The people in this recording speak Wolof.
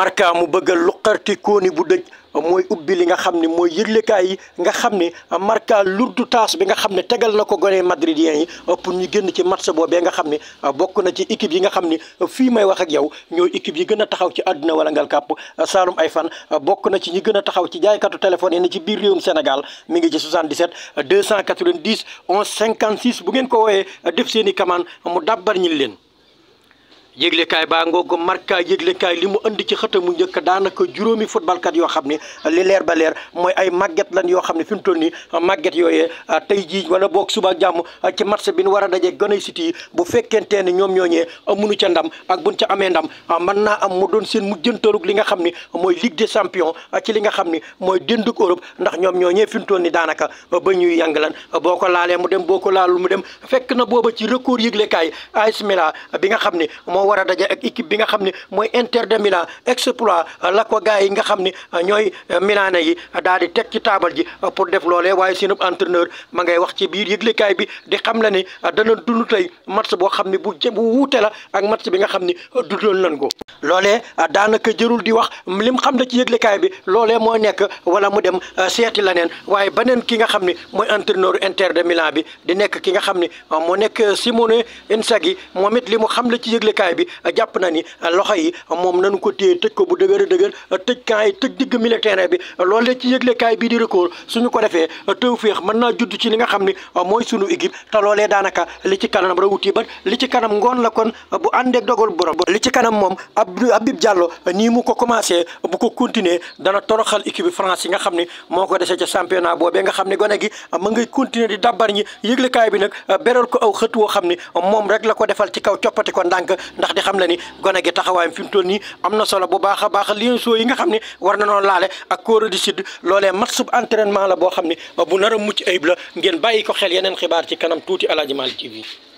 marka mu bëgg a luqarti kooni bu dëj mooy ubbi li nga xam ni mooy yëglekaay yi nga xam ne marka lurdu taas bi nga xam ne tegal na ko gone madridien yi pour ñu génn ci match boobee nga xam ne bokk na ci équipe yi nga xam ne fii may wax ak yow ñooy équipe yi gën a taxaw ci àdduna wala ngal kàpp Saloum ay fan bokk na ci ñi gën a taxaw ci jaaykatu téléphone yi ne ci biir réewum Sénégal mu ngi ci 77 290 11 56 bu ngeen ko wooyee def seen i commande mu dabbar ñi leen yëglekaay baa ngoog marka yëglekaay li mu indi ci xët mu njëkk daanaka juróomi footballkat yoo xam ne li leer ba leer mooy ay màgget lan yoo xam ne fi mu toll nii màgget yooyee tey jii wala boog suba jàmm ci match bi nu war a dajee Guney City bu fekkentee ne ñoom ñooñee munu ca ndam ak buñ ca amee ndam man naa am mu doon seen mujjantalug li nga xam ni mooy Ligue des champions ci li nga xam ni mooy dendug Europe ndax ñoom ñooñee fi mu toll nii daanaka ba ñuy yàng lan boo ko laalee mu dem boo ko laalul mu dem fekk na booba ci record yëglekaay AS Milan bi nga xam ni moo war a daje équipe bi nga xam ne mooy Inter de Milan exploit la ko gars yi nga xam ne ñooy Milanais yi daal di teg ci taabal ji pour def loolee waaye seen entraîneur ma ngay wax ci biir yëglekaay bi di xam la ni dana dund tey match boo xam ne bu jë bu wuute la ak match bi nga xam ni dundoon nañ ko. loolee ah, daanaka jërul di wax lim xam na ci yëglekaay bi loolee mooy nekk wala mu dem ah, seeti la neen waaye beneen ki nga xam ni mooy entraîneur Inter de Milan bi di nekk ki nga xam ni ah, moo nekk si Simone Inzaghi moom it li mu xam la ci yëglekaay bi jàpp na ni loxo yi moom nañu ko téye tëj ko bu dëgër dëgër tëj yi tëj digg militaire bi loolee ci yëglekaay bii di record suñu ko defee teew féex mën naa judd ci li nga xam ni mooy sunu équipe te loolee daanaka li ci kanam rawuti ba li ci kanam ngoon la kon bu àndeek dogal borom li ci kanam moom Habib Diallo nii mu ko commencé bu ko continuer dana toroxal équipe France yi nga xam ne moo ko dese ca championnat boobee nga xam ne gone gi ma ngay continuer di dabbar ñi yëglekaay bi nag beral ko aw xët woo xam ne moom rek la ko defal ci kaw coppati ko ndànk ndax di xam la ni gone gi taxawaayam fi mu toll nii am na solo bu baax a baax liensoo yi nga xam ne war na noon laale ak Corée du Sud loolee mat sub entraînement la boo xam ne bu nar a mucc ayib la ngeen bàyyi ko xel yeneen xibaar ci kanam tuuti Aladji Malick TV